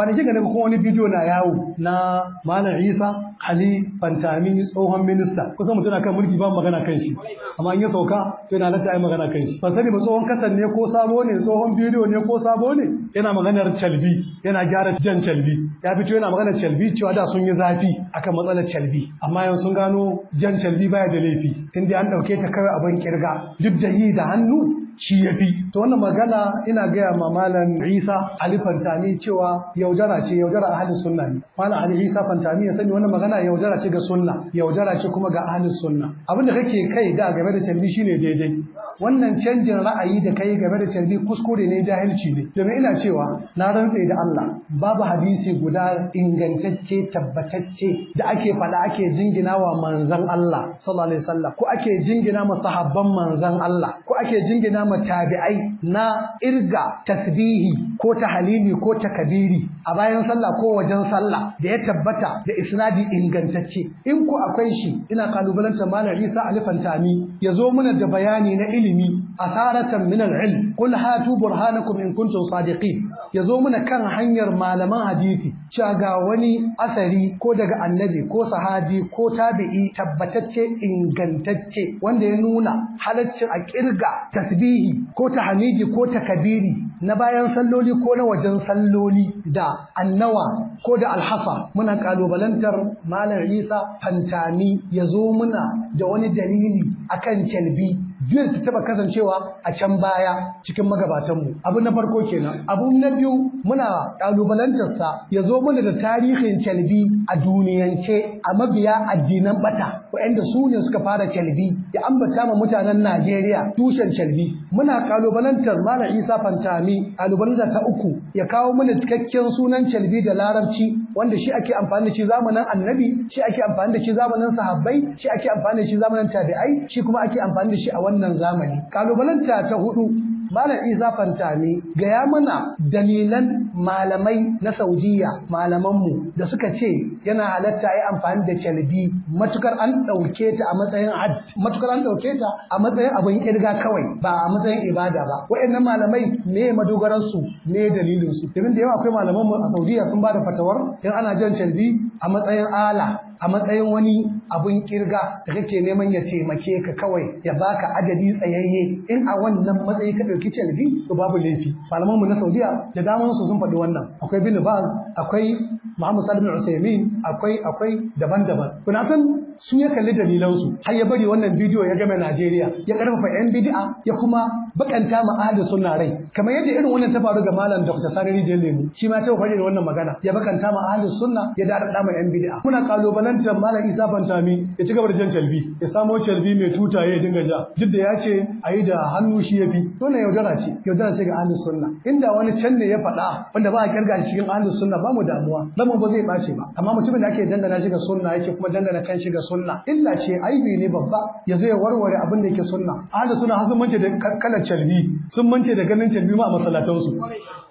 Kwanaki ga kuma wani bidiyo na yawo na malam isa ali fantami tsohon minista kusan mutum kan mulki ba magana kan shi amma in ya sauka to yana halatta ai magana kan shi ban sani ba tsohon kasan ne ko sabo ne tsohon bidiyo ne ko sabo ne yana maganar calbi yana gyara jan calbi ya fito yana maganar calbi cewa da sun yi zafi akan matsalar calbi amma yanzu sun gano jan calbi baya da laifi Tun tunda an dauke ta kawai abin kirga duk da yi da hannu shi ya fi to wannan magana ina gaya ma malam isa ali fantami cewa yaudara ce yaudara ahli sunna ne malam ali isa fantami ya sani wannan magana yaudara ce ga sunna yaudara ce kuma ga ahalin sunna abin da kake kai da game da tambi shine daidai wannan canjin ra'ayi da kai game da canji kuskure ne jahilci ne domin ina cewa na rantse da Allah babu hadisi guda ingantacce tabbatacce da ake faɗa ake jingina wa manzon Allah sallallahu alaihi wasallam ko ake jingina ma sahabban manzon Allah ko ake jingina ma tabi'ai na irga tasbihi ko ta halili ko ta kabiri? a bayan sallah ko wajen sallah da ya tabbata da isnadi ingantacce in ko akwai shi ina kalubalanta malam Isa Alifantami ya zo mana da bayani na ilimi ilimi asaratan min al-ilm qul hatu burhanakum in kuntum sadiqin yazo muna kan hanyar malaman hadisi cewa ga wani asari ko daga annabi ko sahabi ko tabi'i tabbatacce ingantacce wanda ya nuna halaccin a kirga tasbihi ko tahmidi ko takabiri na bayan salloli ko na wajen salloli da annawa ko da alhasa muna kalubalantar malam Isa fantami yazo muna da wani dalili akan calbi Jiyar ta taɓa kasancewa a can baya cikin magabatanmu abu na farko kenan abu na biyu muna ƙalubalantarsa ya zo mana da tarihin calbi a duniyance a mabiya addinan ɓata waɗanda su ne suka fara calbi ya ambata ma mutanen Najeriya tushen calbi muna ƙalubalantar Malam Isa Fantami ƙalubalantar ta uku ya kawo mana cikakken sunan calbi da larabci wanda shi ake amfani da shi zamanin annabi shi ake amfani da shi zamanin sahabbai shi ake amfani da shi zamanin tabi'ai shi kuma ake amfani da shi a wannan zamani kalubalanta ta hudu Malam Isa ne, gaya mana dalilan malamai na Saudiya malamanmu da suka ce yana halatta yi amfani da calbi matukar an ɗauke ta a matsayin ad matukar an ɗauke ta a matsayin abin kirga kawai ba a matsayin ibada ba waɗannan malamai me madogaran su me dalilin su domin da yawa akwai malamanmu a Saudiya sun ba da fatawar in ana jan calbi a matsayin ala a matsayin wani abun kirga da kake neman ya taimake ka kawai ya baka adadi tsayayye in a wannan matsayi ka ɗauki carbi to babu laifi malaman mu na Saudiya da daman su sun faɗi wannan akwai bin bas akwai Muhammad Salim al akwai akwai daban-daban kuna san Sun ya kalli dalilansu har ya bari wannan bidiyo ya game Najeriya ya karfafa yan bid'a ya kuma bakanta ma sunna rai kamar yadda irin wannan ta faru ga malam Dr. Sani Rijiyar Lemu shi ma ta fara da wannan magana ya bakanta ma sunna ya da da ma yan bid'a muna kalubalantar malam Isa Fantami ya ci gaba da jan calbi ya samo calbi mai tutaye ya dinga ja duk da ya ce a yi da hannu shi ya fi dole yaudara ce yaudara ce ga ahli sunna inda wani can ne ya faɗa wanda ba a kirga cikin ahalin sunna ba mu damuwa lamun ba zai ɓace ba amma mutumin da ake dandana shi sunna yake kuma dandana kan shi ga sunna illa ce aibi ne babba ya zo ya warware abin da yake sunna ahli sunna har sun mance da kalar calbi sun mance da ganin calbi ma a masallatansu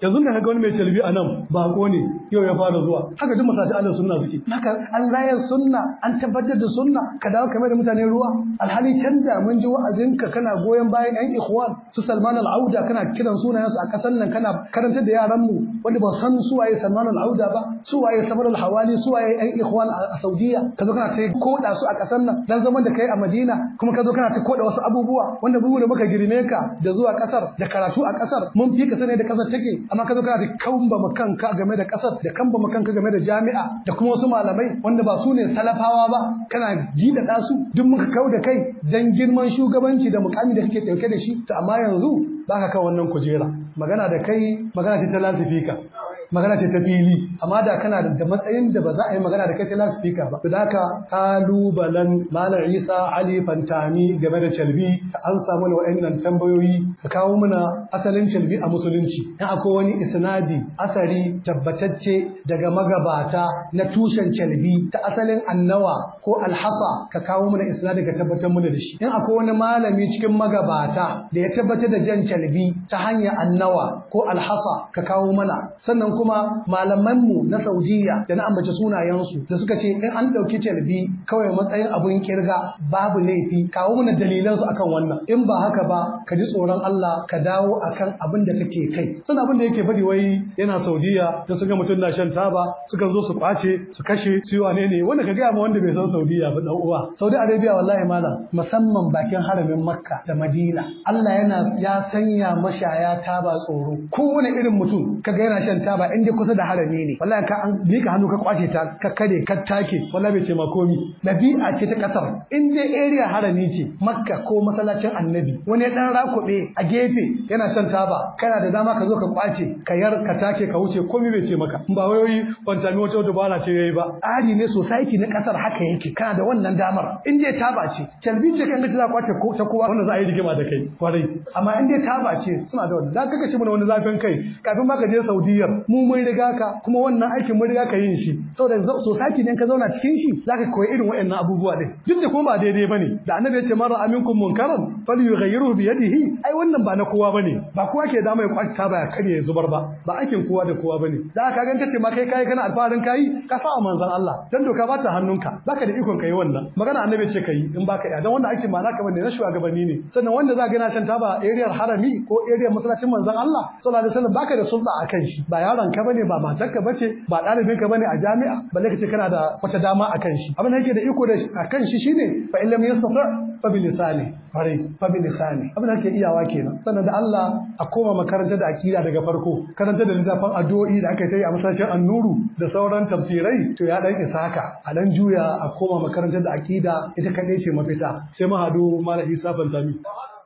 yanzu da kaga wani mai calbi a nan bako ne yau ya fara zuwa haka duk masallatan ahli sunna suke haka an raya sunna an tabbatar da sunna ka dawo kamar da mutane ruwa alhali canja mun ji wa'azinka kana goyon bayan yan ikhwan su Salman al-Auda kana kiran sunayensu a kasan nan kana karantar da yaranmu? mu wanda ba san su waye Salman al-Auda ba su waye Samar al-Hawali su waye yan ikhwan a Saudiya kazo kana sai ko koda su a ƙasar nan dan zaman da kai a Madina kuma ka zo kana ta koda wasu abubuwa wanda bugu da muka girme ka da zuwa ƙasar da karatu a ƙasar mun fi ka sani da ƙasar take amma ka zo kana da kamba kanka game da ƙasar da kamba kanka game da jami'a da kuma wasu malamai wanda ba su ne salafawa ba kana gida da su duk muka kau da kai dan girman shugabanci da mukami da kake ɗauke da shi to amma yanzu baka kan wannan kujera magana da kai magana ce ta lasifika magana ce ta fili amma da kana da matsayin da ba za a yi magana da kai ta loudspeaker ba to haka kalubalen malam Isa Ali Fantami game da calbi an samu na wa'annan tambayoyi ka kawo mana asalin calbi a musulunci in akwai wani isnadi asari tabbatacce daga magabata na tushen calbi ta asalin annawa ko alhasa ka kawo mana isnadi ka tabbatar mana da shi in akwai wani malami cikin magabata da ya tabbatar da jan calbi ta hanyar annawa ko alhasa ka kawo mana sannan kuma malaman mu na Saudiya da na ambaci sunayensu da suka ce in an ɗauki talbi kawai matsayin abun kirga babu laifi kawo mana su akan wannan in ba haka ba ka ji tsoron Allah ka dawo akan abin da kake kai sun abin da yake bari wai yana Saudiya da suka mutum na shan taba suka zo su kwace su kashe su yi wane ne wanda ka gaya ma wanda bai san Saudiya ba dan uwa Saudi Arabia wallahi malam musamman bakin haramin Makka da Madina Allah yana ya sanya mashaya taba tsoro wani irin mutum kaga yana shan taba in dai kusa da harami ne wallahi ka an mika hannu ka kwace ta ka kare ka take wallahi bai ce ma komi dabi'a ce ta kasar in dai area harami ce makka ko masallacin annabi wani dan rakube a gefe yana shan taba kana da dama ka zo ka kwace ka yar ka take ka wuce komi bai ce maka ba wayoyi kwanta mi wata dubara ce yayi ba ari ne society na kasar haka yake kana da wannan damar in dai taba ce calbi ce kan za kwace ko ta kowa wanda za a yi rigima da kai kwarai amma in dai taba ce suna da wannan da shi mun wani zafin kai kafin ma ka je Saudiyyar mu mun riga ka kuma wannan aikin mun riga ka yin shi saboda society ne ka zauna cikin shi zaka koyi irin waɗannan abubuwa din duk da kuma ba daidai bane da annabi ya ce mara aminkum munkaran falyughayyiru bi yadihi ai wannan ba na kowa bane ba kowa ke da mai kwashi ta ba kare ya zubar ba ba aikin kowa da kowa bane da ka ganta ce ma kai kai kana alfarin kai ka sa manzon Allah dan doka ba ta hannunka ka da ikon kai wannan magana annabi ce kai in baka iya dan wannan aikin ma naka bane na shugabanni ne sannan wanda za ga na shan taba area harami ko area masallacin manzon Allah sallallahu alaihi wasallam baka da sulta akan shi ba yaron ka bane ba matarka bace ba ɗalibin ka bane a jami'a balle ka ce kana da wata dama akan shi abin da yake da iko da akan shi shine fa in lam yastata fa bi lisani bare fa bi lisani abin da yake iyawa kenan sannan da Allah a koma makaranta da akida daga farko karanta da lissafin addu'o'i da aka yi a masashin annuru da sauran tafsirai to ya dan isa haka a dan juya a koma makaranta da akida ita kadai ce mafita sai mu hadu malam Isa Fantami